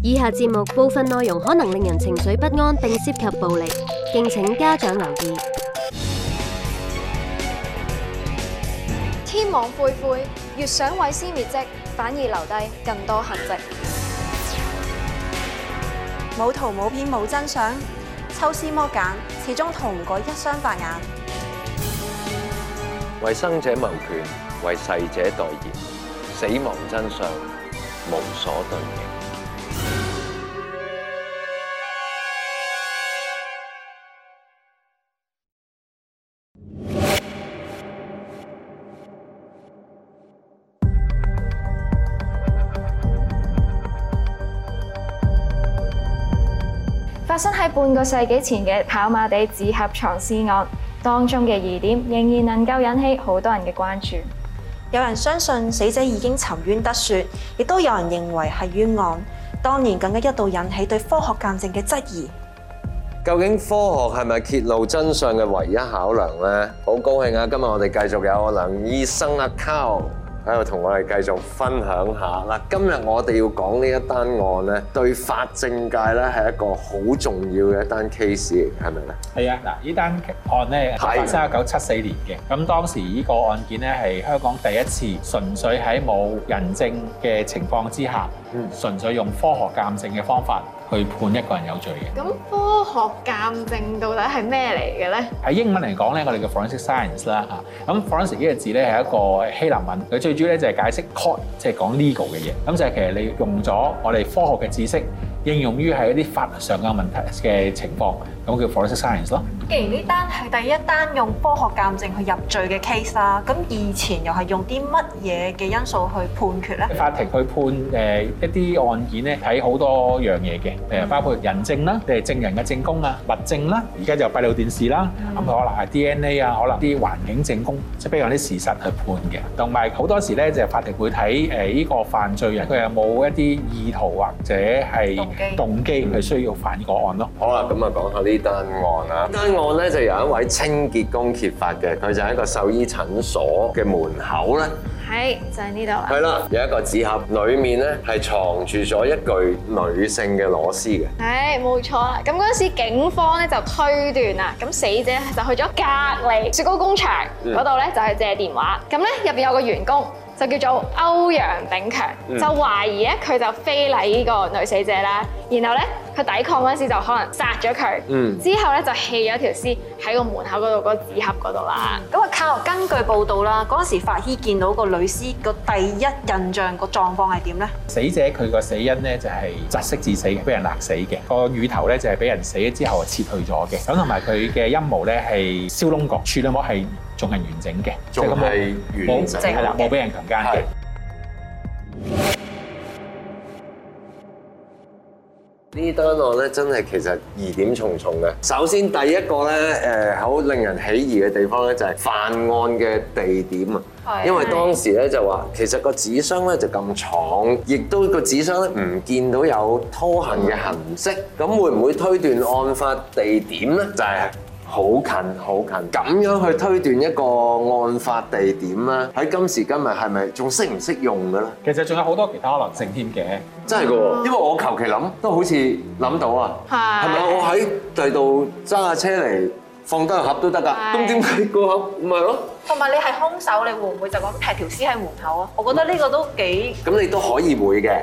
以下節目部分內容可能令人情緒不安，並涉及暴力，敬請家長留意。天網恢恢，越想毀屍滅跡，反而留低更多痕跡。冇圖冇片冇真相，抽絲剝繭，始終逃唔過一雙白眼。為生者謀權，為逝者代言，死亡真相無所遁形身喺半個世紀前嘅跑馬地紙盒藏屍案當中嘅疑點，仍然能夠引起好多人嘅關注。有人相信死者已經沉冤得雪，亦都有人認為係冤案。當年更加一度引起對科學鑑證嘅質疑。究竟科學係咪揭露真相嘅唯一考量呢？好高興啊！今日我哋繼續有梁醫生阿駒。喺度同我哋繼續分享下嗱，今日我哋要講呢一單案咧，對法政界咧係一個好重要嘅一單 case，係咪咧？係啊，嗱，依單案咧係一九七四年嘅，咁的當時呢個案件咧係香港第一次純粹喺冇人證嘅情況之下，純、嗯、粹用科學鑑證嘅方法。去判一個人有罪嘅。咁科學鑑證到底係咩嚟嘅咧？喺英文嚟講咧，我哋叫 forensic science 啦嚇。咁 forensic 呢個字咧係一個希臘文，佢最主要咧就係解釋 court，即係講 legal 嘅嘢。咁就係其實你用咗我哋科學嘅知識，應用於係一啲法律上嘅問題嘅情況，咁叫 forensic science 咯。既然呢單係第一單用科學鑑證去入罪嘅 case 啦，咁以前又係用啲乜嘢嘅因素去判決咧？法庭去判誒一啲案件咧，睇好多樣嘢嘅誒，包括人證啦，即係證人嘅證供啊，物證啦，而家就閉路電視啦，咁可能係 DNA 啊，可能啲環境證供，即係比如講啲事實去判嘅，同埋好多時咧就係法庭會睇誒呢個犯罪人佢有冇一啲意圖或者係動機，唔係需要犯個案咯。好啦，咁啊講下呢單案啦。案咧就有一位清潔工揭發嘅，佢就喺一個獸醫診所嘅門口咧，係就喺呢度。係啦，有一個紙盒，裏面咧係藏住咗一具女性嘅裸屍嘅。唉，冇錯啦。咁嗰陣時警方咧就推斷啦，咁死者就去咗隔離雪糕工場嗰度咧，就去借電話。咁咧入邊有個員工就叫做歐陽炳強，就懷疑咧佢就非禮呢個女死者啦。然後咧。佢抵抗嗰時就可能殺咗佢，之後咧就棄咗條屍喺個門口嗰度個紙盒嗰度啦。咁啊，靠根據報道啦，嗰陣時法醫見到個女屍個第一印象個狀況係點咧？死者佢個死因咧就係窒息致死嘅，俾人勒死嘅。個乳頭咧就係俾人死咗之後啊切除咗嘅。咁同埋佢嘅陰毛咧係燒窿角，處女膜係仲係完整嘅，仲係完整嘅，係啦，冇俾人強姦嘅。呢單案咧真係其實疑點重重嘅。首先第一個咧，誒、呃，好令人起疑嘅地方咧就係、是、犯案嘅地點啊。係。Oh yes. 因為當時咧就話，其實個紙箱咧就咁重，亦都個紙箱咧唔見到有拖行嘅痕跡，咁、oh yes. 會唔會推斷案發地點咧？就係、是。好近好近，咁樣去推斷一個案發地點咧，喺、嗯、今時今日係咪仲識唔識用嘅咧？其實仲有好多其他可能性添嘅，嗯、真係嘅，因為我求其諗都好似諗到啊，係咪是我喺第度揸架車嚟放低個盒都得㗎，咁點解唔係咯？同埋你係兇手，你會唔會就咁劈條屍喺門口啊？我覺得呢個都幾咁，你都可以會嘅，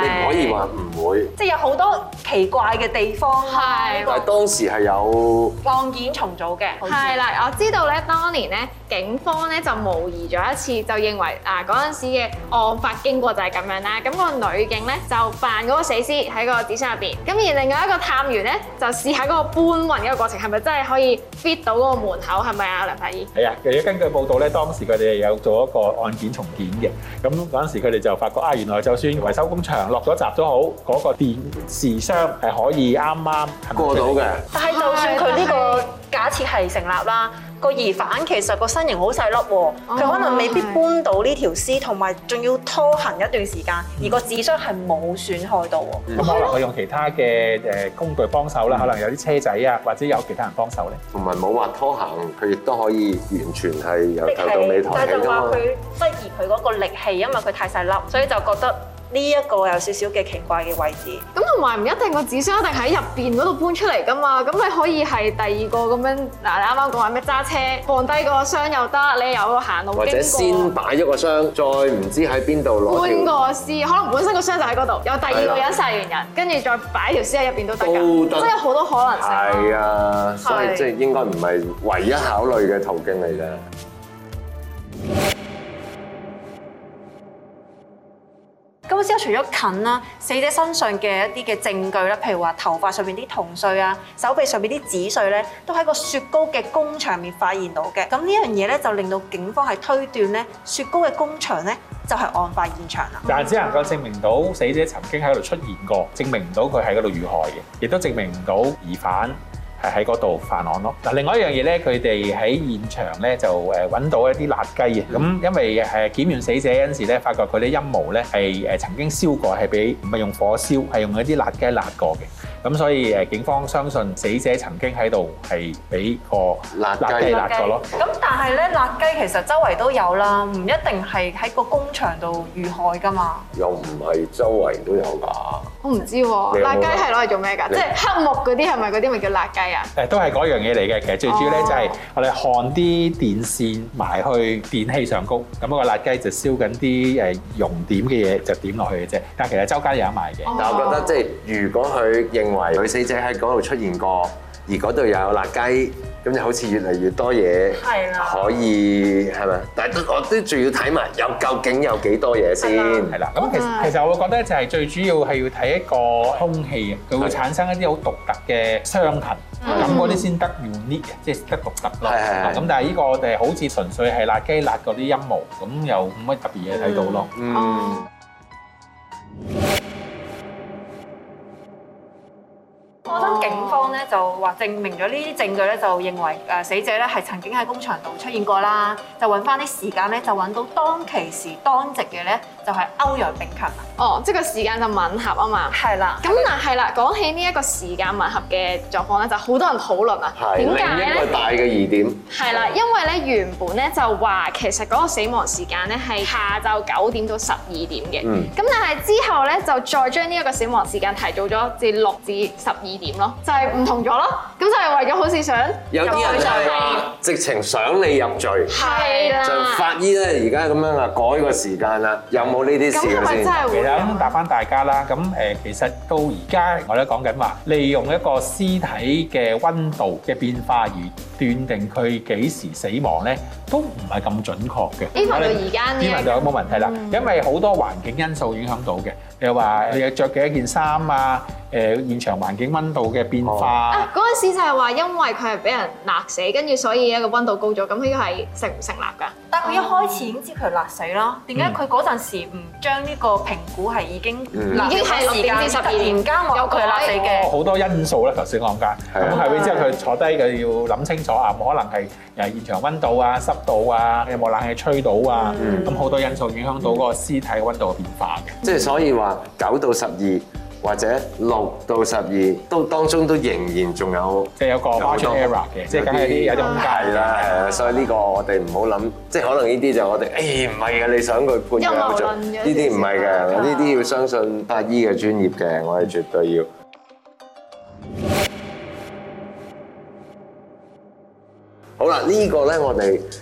你唔可以話唔會。即係有好多奇怪嘅地方，但係當時係有案件重組嘅。係啦，我知道咧，當年咧，警方咧就模擬咗一次，就認為啊嗰陣時嘅案發經過就係咁樣啦。咁個女警咧就扮嗰個死屍喺個紙箱入邊，咁而另外一個探員咧就試下嗰個搬運嘅過程係咪真係可以 fit 到嗰個門口係咪啊？梁法醫係啊，嘅。根據報道咧，當時佢哋係有做一個案件重建嘅，咁嗰陣時佢哋就發覺啊，原來就算維修工場落咗閘咗好，嗰、那個電視箱係可以啱啱過到嘅。但係就算佢呢個假設係成立啦。個疑犯其實個身形好細粒喎，佢、哦、可能未必搬到呢條屍是，同埋仲要拖行一段時間，嗯、而個紙箱係冇損害到喎。咁可能佢用其他嘅誒工具幫手啦，可能、嗯、有啲車仔啊，或者有其他人幫手咧。同埋冇話拖行，佢亦都可以完全係由頭氣到尾抬。但係就話佢質疑佢嗰個力氣，因為佢太細粒，所以就覺得。呢一個有少少嘅奇怪嘅位置，咁同埋唔一定個紙箱一定喺入邊嗰度搬出嚟噶嘛，咁你可以係第二個咁樣，嗱你啱啱講話咩揸車放低個箱又得，你有個行路或者經過先擺咗個箱，再唔知喺邊度攞搬條屍，可能本身個箱就喺嗰度，有第二個人殺完人，跟住的再擺條屍喺入邊都得，真係好多可能性，啊。係啊，所以即係應該唔係唯一考慮嘅途徑嚟嘅。 之後除咗近啦，死者身上嘅一啲嘅證據啦，譬如話頭髮上面啲銅碎啊，手臂上面啲紙碎咧，都喺個雪糕嘅工場入面發現到嘅。咁呢樣嘢咧就令到警方係推斷咧，雪糕嘅工場咧就係案發現場啦。但係只能夠證明到死者曾經喺度出現過，證明唔到佢喺嗰度遇害嘅，亦都證明唔到疑犯係喺嗰度犯案咯。嗱，另外一樣嘢咧，佢哋喺現場咧就誒揾到一啲辣雞嘅。咁因為誒檢驗死者嗰陣時咧，發覺佢啲陰毛咧係誒曾經燒過，係俾唔係用火燒，係用一啲辣雞辣過嘅。咁所以誒警方相信死者曾經喺度係俾個辣雞辣過咯。咁但係咧，辣雞其實周圍都有啦，唔一定係喺個工場度遇害噶嘛。又唔係周圍都有㗎？我唔知喎，辣雞係攞嚟做咩㗎？即係黑木嗰啲係咪嗰啲咪叫辣雞？誒都係嗰樣嘢嚟嘅，其實最主要咧就係我哋焊啲電線埋去電器上高，咁嗰個辣雞就燒緊啲誒熔點嘅嘢就點落去嘅啫。但其實周街有得賣嘅，但係我覺得即係如果佢認為女死者喺嗰度出現過。而嗰度有辣雞，咁就好似越嚟越多嘢，可以係咪？但係我都仲要睇埋，有究竟有幾多嘢先係啦。咁其實其實我會覺得就係最主要係要睇一個空氣啊，佢會產生一啲好獨特嘅傷痕，咁嗰啲先得 unique 嘅，即係得獨特咯。咁但係呢個我哋好似純粹係辣雞辣嗰啲陰毛，咁又冇乜特別嘢睇到咯。嗯。就話證明咗呢啲證據咧，就認為誒死者咧係曾經喺工場度出現過啦。就揾翻啲時間咧，就揾到當其時當值嘅咧就係歐陽炳勤。哦，即係個時間就吻合啊嘛。係啦。咁嗱係啦，講吧起呢一個時間吻合嘅狀況咧，就好多人討論啊。係。點解咧？另一個大嘅疑點。係啦，因為咧原本咧就話其實嗰個死亡時間咧係下晝九點到十二點嘅。咁、嗯、但係之後咧就再將呢一個死亡時間提早咗至六至十二點咯，就係、是、唔同。咗咯，咁就係為咗好似想有啲人就係話，直情想你入罪，係啦的。就法醫咧而家咁樣啊，改個時間啦。有冇呢啲事真係會？咁答翻大家啦。咁誒，其實到而家我都講緊話，利用一個屍體嘅溫度嘅變化而。斷定佢幾時死亡咧，都唔係咁準確嘅。呢個到而家呢？呢個就冇問題啦，因為好多環境因素影響到嘅。又話你又著幾多件衫啊？誒，現場環境溫度嘅變化。嗰陣時就係話，因為佢係俾人勒死，跟住所以呢個溫度高咗，咁呢個係成唔成立㗎？.但佢一開始已經知佢係瀨死啦。點解佢嗰陣時唔將呢個評估係已經、嗯、已經係時間十年間有佢瀨死嘅好、嗯、多因素咧，頭先講緊咁係咪之後佢坐低佢要諗清楚啊？冇可能係誒現場溫度啊、濕度啊、有冇冷氣吹到啊？咁好、嗯、多因素影響到嗰個屍體溫度嘅變化嘅。即係、嗯、所以話九到十二。或者六到十二都當中都仍然仲有，即係有個 measurement error 嘅，即係梗係有啲有啲誤解啦，係啊，所以呢個我哋唔好諗，即係可能呢啲就我哋，誒唔係嘅，你想佢判嘅，呢啲唔係嘅，呢啲要相信法醫嘅專業嘅，我哋絕對要。好啦，呢個咧我哋。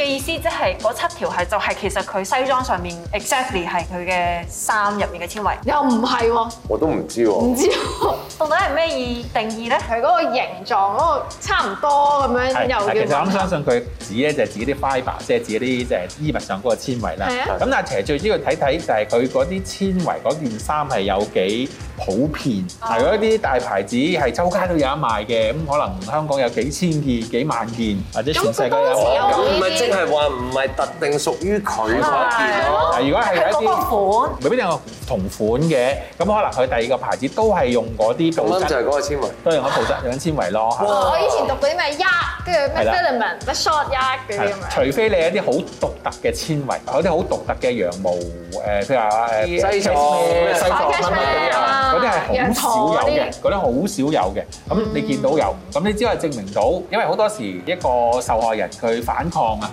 嘅意思即係嗰七條係就係、是、其實佢西裝上面 exactly 係佢嘅衫入面嘅纖維，又唔係喎？我都唔知喎、啊。唔知、啊、 到底係咩意定義咧？佢嗰個形狀嗰個差唔多咁樣又是其實我諗相信佢指咧就係指啲 fiber 即係指啲即係衣物上嗰個纖維啦。係啊。咁但係其實最主要睇睇就係佢嗰啲纖維嗰件衫係有幾普遍，係嗰啲大牌子係周街都有得賣嘅，咁可能香港有幾千件、幾萬件，或者全世界都有即係話唔係特定屬於佢件，嗱，如果係有一啲未必有同款嘅，咁可能佢第二個牌子都係用嗰啲布質，就係嗰個纖維，都用嗰布質嗰種纖維咯。我以前讀嗰啲咩，一跟住咩，Delman，咩 short one 嗰啲咁。除非你係一啲好獨特嘅纖維，嗰啲好獨特嘅羊毛，誒，譬如話誒西藏咩西藏乜嘢啊，嗰啲係好少有嘅，嗰啲好少有嘅。咁你見到有，咁你只可以證明到，因為好多時一個受害人佢反抗啊。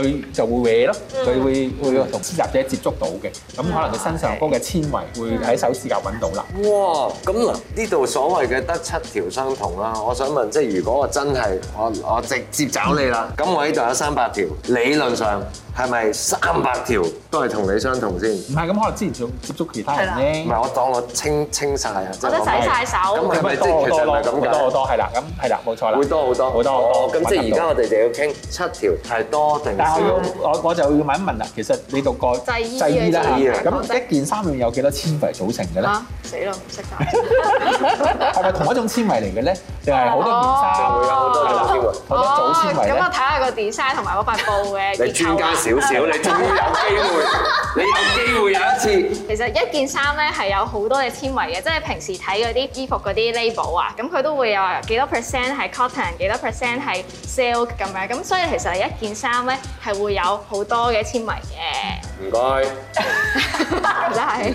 佢就會歪咯，佢會會同施襲者接觸到嘅，咁可能佢身上嗰嘅纖維會喺手指甲揾到啦。哇，咁嗱，呢度所謂嘅得七條相同啦，我想問，即係如果我真係我我直接找你啦，咁我呢度有三百條，理論上係咪三百條都係同你相同先？唔係，咁可能之前仲接觸其他人咧。唔係，我當我清清曬啊，我都洗曬手。咁係咪即係其實多好多？多好多係啦，咁係啦，冇錯啦，會多好多，多好多。咁即係而家我哋就要傾七條係多定？啊！我我我就要問一問啦，其實你讀過製衣啦係啊？咁一件衫裏面有幾多纖維組成嘅咧？嚇死咯！唔識㗎。係咪同一種纖維嚟嘅咧？定係好多件衫會有好多嘅料？好多組纖維咧？咁我睇下個 design 同埋嗰塊布嘅。你專家少少，你終於有機會，你有機會有一次。其實一件衫咧係有好多嘅纖維嘅，即係平時睇嗰啲衣服嗰啲 label 啊，咁佢都會有幾多 percent 係 cotton，幾多 percent 係 silk 咁樣。咁所以其實一件衫咧，係會有好多嘅纖維嘅，唔該，真係。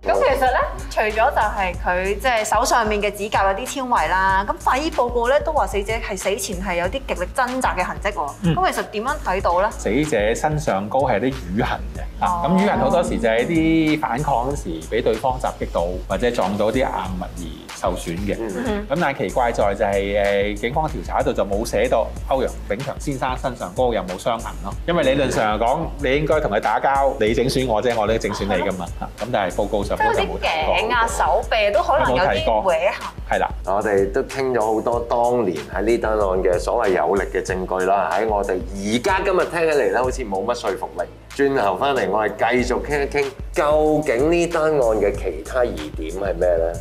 咁其實咧，除咗就係佢即係手上面嘅指甲有啲纖維啦，咁法醫報告咧都話死者係死前係有啲極力掙扎嘅痕跡喎。咁、嗯、其實點樣睇到咧？死者身上高係啲瘀痕嘅，啊，咁瘀痕好多時就喺啲反抗嗰時，俾對方襲擊到或者撞到啲硬物而受損嘅，咁但係奇怪在就係誒警方調查喺度就冇寫到歐陽炳強先生身上嗰個有冇傷痕咯，因為理論上嚟講，你應該同佢打交，你整損我啫，我咧整損你噶嘛嚇。咁但係報告上就冇。都啲頸啊、手臂啊都可能有啲搲痕。係啦，我哋都傾咗好多當年喺呢單案嘅所謂有力嘅證據啦，喺我哋而家今日聽起嚟咧，好似冇乜說服力。轉頭翻嚟，我哋繼續傾一傾，究竟呢單案嘅其他疑點係咩咧？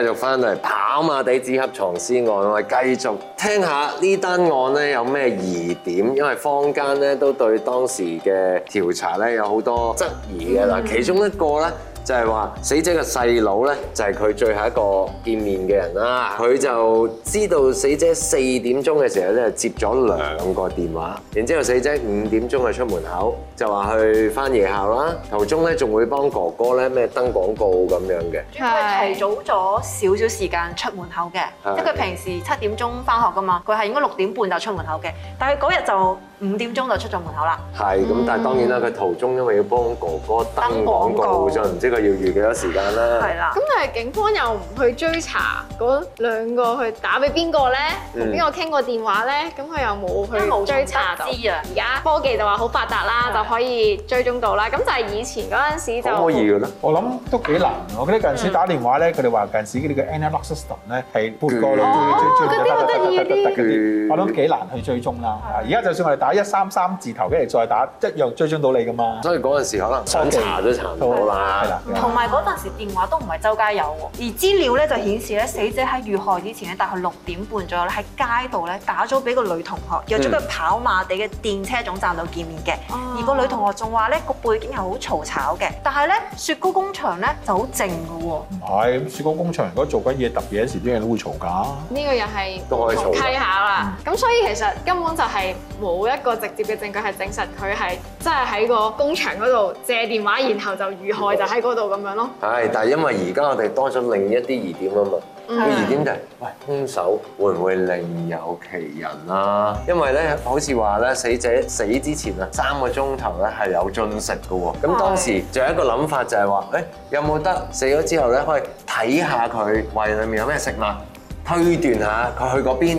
繼續翻到嚟跑馬地紙盒藏屍案，我哋繼續聽下呢單案咧有咩疑點，因為坊間咧都對當時嘅調查咧有好多質疑嘅嗱，嗯、其中一個咧，就係話死者嘅細佬咧，就係佢最後一個見面嘅人啦。佢就知道死者四點鐘嘅時候咧接咗兩個電話，然之後死者五點鐘就出門口，就話去返夜校啦。途中咧仲會幫哥哥咧咩登廣告咁樣嘅。佢提早咗少少時間出門口嘅，即係佢平時七點鐘返學㗎嘛，佢係應該六點半就出門口嘅，但係嗰日就五點鐘就出咗門口啦。係，咁但係當然啦，佢途中因為要幫哥哥登廣告，就唔知佢要預幾多時間啦。係啦，咁但係警方又唔去追查嗰兩個去打俾邊個咧？同邊個傾過電話咧？咁佢又冇去追查到。而家科技就話好發達啦，就可以追蹤到啦。咁就係以前嗰陣時就冇嘅啦。我諗都幾難。我記得近時打電話咧，佢哋話近時呢啲 analytics 咧係半個鍾追追追追得啲。我諗幾難去追蹤啦。而家就算我哋打一三三字頭，跟住再打一樣追蹤到你噶嘛，所以嗰陣時可能想查都查到啦。同埋嗰陣時電話都唔係周街有喎，而資料咧就顯示咧死者喺遇害之前咧大概六點半左右咧喺街度咧打咗俾個女同學，約咗佢跑馬地嘅電車總站度見面嘅，嗯、而個女同學仲話咧個背景係好嘈吵嘅，但係咧雪糕工場咧就好靜噶喎。係，咁雪糕工場如果做緊嘢揼嘢嗰時啲嘢都會嘈噶。呢個又係都係嘈。批下啦，咁所以其實根本就係冇一。一個直接嘅證據係證實佢係，真係喺個工場嗰度借電話，然後就遇害就喺嗰度咁樣咯。係，但係因為而家我哋多咗另一啲疑點啊嘛。嗯。個疑點就係、是，喂，凶手會唔會另有其人啊？因為咧，好似話咧，死者死之前啊，三個鐘頭咧係有進食噶。咁當時仲有一個諗法就係、是、話，誒是的、欸，有冇得死咗之後咧可以睇下佢胃裏面有咩食物，推斷下佢去過邊？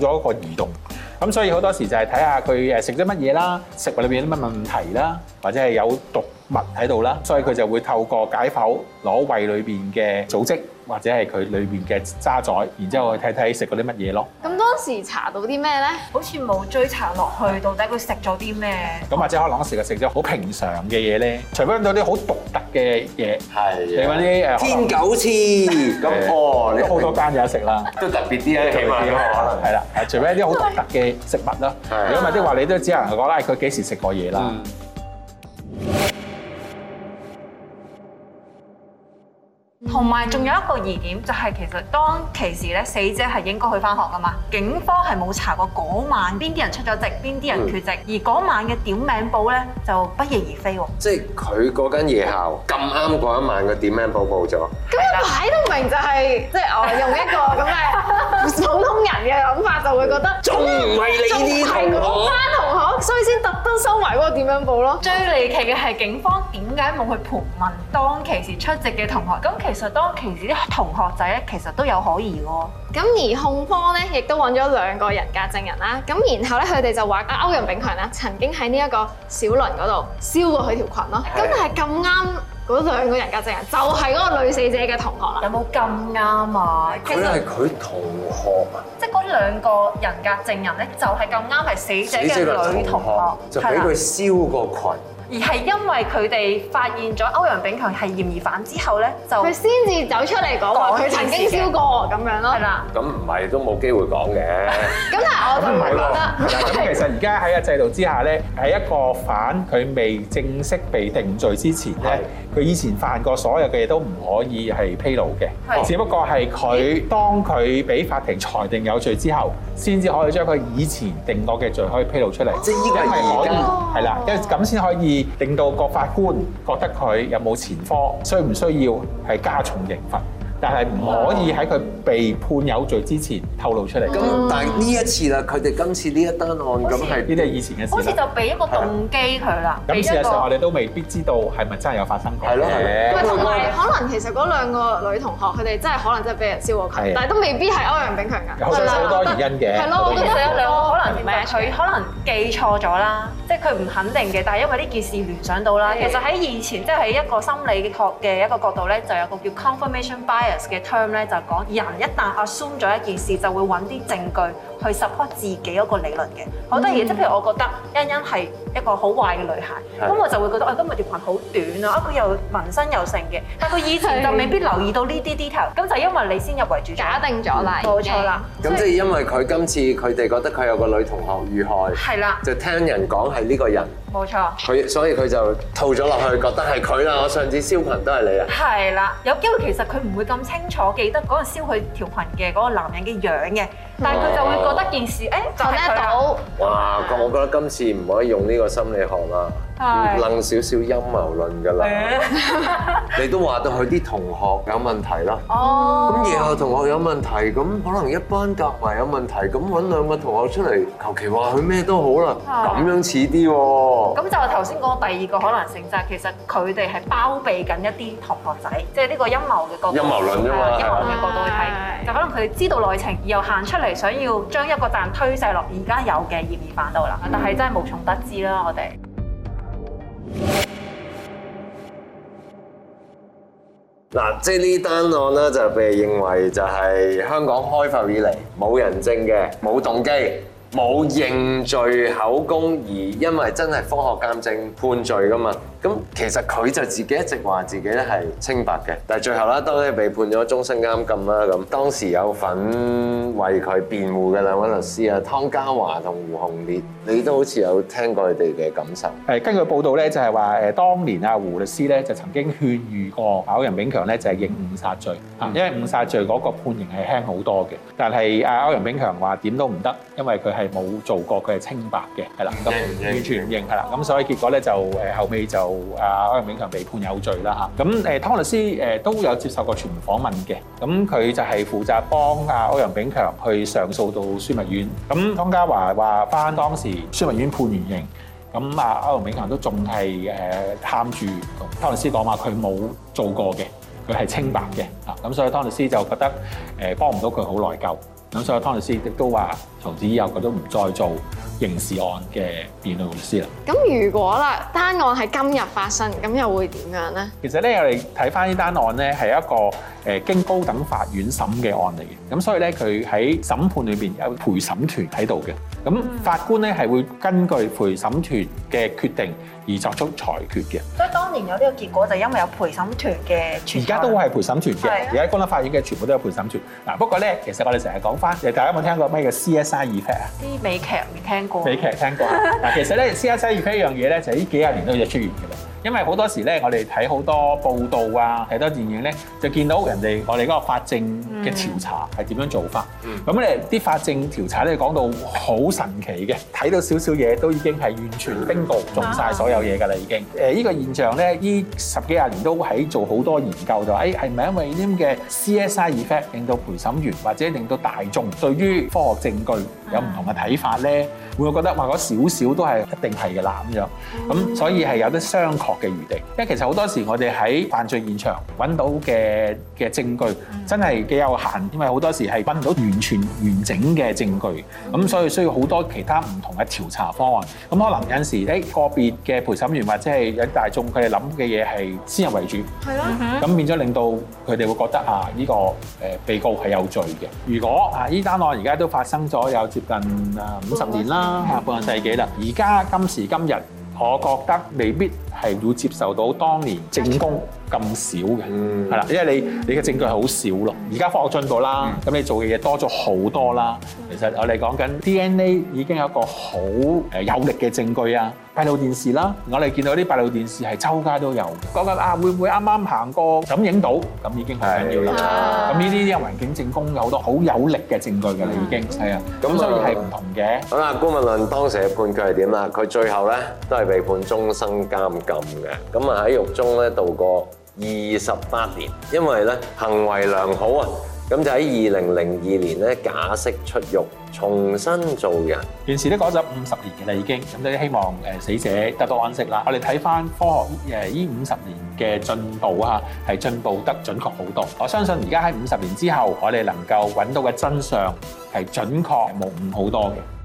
咗一個移動，咁所以好多時就係睇下佢誒食咗乜嘢啦，食物裏邊有啲乜問題啦，或者係有毒物喺度啦，所以佢就會透過解剖攞胃裏邊嘅組織。或者係佢裏邊嘅渣滓，然之後去睇睇食嗰啲乜嘢咯。咁當時查到啲咩咧？好似冇追查落去，到底佢食咗啲咩？咁或者可能食嘅食咗好平常嘅嘢咧，除非嗰啲好獨特嘅嘢。係。你揾啲誒天九翅。咁哦，你好多間嘢食啦。都特別啲啊，奇怪可能係啦。誒，除非啲好獨特嘅食物啦。如果唔係的話，你都只能講啦，佢幾時食過嘢啦。同埋仲有一個疑點，就係、是、其實當其時咧，死者係應該去翻學噶嘛？警方係冇查過晚邊啲人出咗席，邊啲人缺席，嗯、而晚嘅點名簿咧就不翼而飛，即係佢間夜校咁啱一晚嘅點名簿報咗，咁一睇都明就係、是，即、就、係、是，我用一個咁嘅 普通人嘅諗法就會覺得，仲唔係你呢班同學？所以先特登收埋嗰，點樣報咯？最離奇嘅係警方點解冇去盤問當其時出席嘅同學，咁其實當其時啲同學仔咧，其實都有可疑喎。咁而控方咧，亦都揾咗兩個人格證人啦。咁然後咧，佢哋就話阿歐陽炳強咧曾經喺呢一個小輪度燒過佢條裙咯。咁的但係咁啱。嗰兩個人格證人就係嗰個女死者嘅同學啦，有冇咁啱啊？佢係佢同學啊，即係嗰兩個人格證人咧，就係咁啱係死者嘅女同學，同學就俾佢燒個群吧。而係因為佢哋發現咗歐陽炳強係嫌疑犯之後咧，就佢先至走出嚟講話佢曾經燒過咁樣咯。係啦，咁唔係都冇機會講嘅。咁但係我都唔係覺得。咁其實而家喺個制度之下咧，喺一個犯佢未正式被定罪之前咧，佢以前犯過所有嘅嘢都唔可以係披露嘅。係，只不過係佢當佢俾法庭裁定有罪之後，先至可以將佢以前定落嘅罪可以披露出嚟。即係呢個係可以係啦，因為咁先可以。令到個法官覺得佢有冇前科，需唔需要係加重刑罰。但係唔可以喺佢被判有罪之前透露出嚟。咁但係呢一次啦，佢哋今次呢一單案咁係呢啲以前嘅事，好似就俾一個動機佢啦。咁事實上我哋都未必知道係咪真係有發生過。係咯。唔係同埋可能其實嗰兩個女同學佢哋真係可能真係俾人燒過佢，但係都未必係歐陽炳強㗎。有好多好多原因嘅。係咯，我覺得係咯，兩個可能，佢可能記錯咗啦，即係佢唔肯定嘅。但係因為呢件事聯想到啦，其實喺以前即係喺一個心理學嘅一個角度咧，就有個叫 confirmation bias 嘅 term 咧就係講人一旦 assume 咗一件事，就會揾啲證據。去 support 自己嗰個理論嘅，好多嘢。即係譬如我覺得欣欣係一個好壞嘅女孩，咁我就會覺得，我今日條裙好短啊！啊，佢又紋身又剩嘅，但佢以前就未必留意到呢啲 detail，咁就因為你先入為主，假定咗啦，冇錯啦。咁即係因為佢今次佢哋覺得佢有個女同學遇害，係啦，就聽人講係呢個人，冇錯，佢所以佢就套咗落去，覺得係佢啦。我上次燒裙都係你啊，係啦，有機會其實佢唔會咁清楚記得嗰日燒佢條裙嘅嗰個男人嘅樣嘅。但係佢就會覺得件事，誒做得到。欸、哇！咁我覺得今次唔可以用呢個心理學啦。論少少陰謀論㗎啦，你都話到佢啲同學有問題啦。哦，咁然後同學有問題，咁可能一班夾埋有問題，咁搵兩個同學出嚟，求其話佢咩都好啦，咁樣似啲喎。咁就係頭先講第二個可能性，就係其實佢哋係包庇緊一啲同學仔，即係呢個陰謀嘅角度。陰謀論啫嘛，陰謀論嘅角度去睇，就可能佢哋知道內情，又行出嚟想要將一個站推晒落而家有嘅嫌疑犯度啦，但係真係無從得知啦，我哋。嗱，即係呢單案咧，就被認為就係香港開埠以嚟冇人證嘅，冇動機，冇認罪口供，而因為真係科學鑑證判罪㗎嘛。咁其實佢就自己一直話自己咧係清白嘅，但係最後咧都係被判咗終身監禁啦。咁當時有份為佢辯護嘅兩位律師啊，湯家驊同胡鴻烈，你都好似有聽過佢哋嘅感受？誒，根據報道咧，就係話誒，當年啊，胡律師咧就曾經勸喻過歐陽炳強咧，就係認誤殺罪嚇，因為誤殺罪嗰個判刑係輕好多嘅。但係啊，歐陽炳強話點都唔得，因為佢係冇做過，佢係清白嘅，係啦，咁完全唔認係啦。咁所以結果咧就誒後尾就。阿歐陽炳強被判有罪啦，嚇，咁誒湯律師誒都有接受過傳訪問嘅，咁佢就係負責幫阿歐陽炳強去上訴到樞密院。咁湯家華話返當時樞密院判完刑，咁阿歐陽炳強都仲係誒喊住，湯律師講話佢冇做過嘅，佢係清白嘅啊，咁所以湯律師就覺得誒幫唔到佢好內疚。咁所以湯律師亦都話，從此以後佢都唔再做刑事案嘅辯論律師啦。咁如果啦單案係今日發生，咁又會點樣咧？其實咧，我哋睇翻呢單案咧，係一個誒經高等法院審嘅案嚟嘅。咁所以咧，佢喺審判裏邊有陪審團喺度嘅。咁、嗯、法官咧係會根據陪審團嘅決定而作出裁決嘅。所以當年有呢個結果就是、因為有陪審團嘅。而家都會係陪審團嘅，而家高等法院嘅全部都有陪審團。嗱不過咧，其實我哋成日講翻，誒大家有冇聽過咩叫 CSI effect 啊？啲美劇你聽過？美劇聽過嗱 其實咧，CSI effect 一樣嘢咧，就係、是、呢幾廿年都有出現嘅。因為好多時咧，我哋睇好多報道啊，睇多電影咧，就見到人哋我哋嗰個法證嘅調查係點樣做法。咁咧啲法證調查咧講到好神奇嘅，睇到少少嘢都已經係完全 bingo 做晒所有嘢㗎啦，已經。誒、呃、呢、這個現象咧，呢十幾廿年都喺做好多研究，就話誒係咪因為呢啲嘅 CSI effect 令到陪審員或者令到大眾對於科學證據，有唔同嘅睇法咧，會唔會覺得話嗰少少都係一定係嘅啦？咁樣咁，所以係有啲商榷嘅餘地。因為其實好多時我哋喺犯罪現場揾到嘅嘅證據，真係幾有限，因為好多時係揾唔到完全完整嘅證據。咁所以需要好多其他唔同嘅調查方案。咁可能有陣時誒個別嘅陪審員或者係有啲大眾佢哋諗嘅嘢係先入為主，係啦，咁變咗令到佢哋會覺得啊呢個誒被告係有罪嘅。如果啊呢單案而家都發生咗有接近啊五十年啦， 下半個世紀啦。而家今時今日，我覺得未必。係要接受到當年證供咁少嘅，係啦，因為你你嘅證據係好少咯。而家科學進步啦，咁你做嘅嘢多咗好多啦。其實我哋講緊 DNA 已經有一個好誒有力嘅證據啊，閉路電視啦，我哋見到啲閉路電視係周街都有。覺得啊會唔會啱啱行過咁影到？咁已經好緊要啦。咁呢啲呢環境證供有好多好有力嘅證據㗎啦，已經係啊，咁所以係唔同嘅。好啦，顧問論當時嘅判決係點啊？佢最後咧都係被判終身監。咁嘅，咁啊喺獄中咧度過二十八年，因為咧行為良好啊，咁就喺二零零二年咧假釋出獄，重新做人。現時都過咗五十年嘅啦，已經咁都希望誒死者得到安息啦。我哋睇翻科學誒呢五十年嘅進步啊，係進步得準確好多。我相信而家喺五十年之後，我哋能夠揾到嘅真相係準確無誤好多嘅。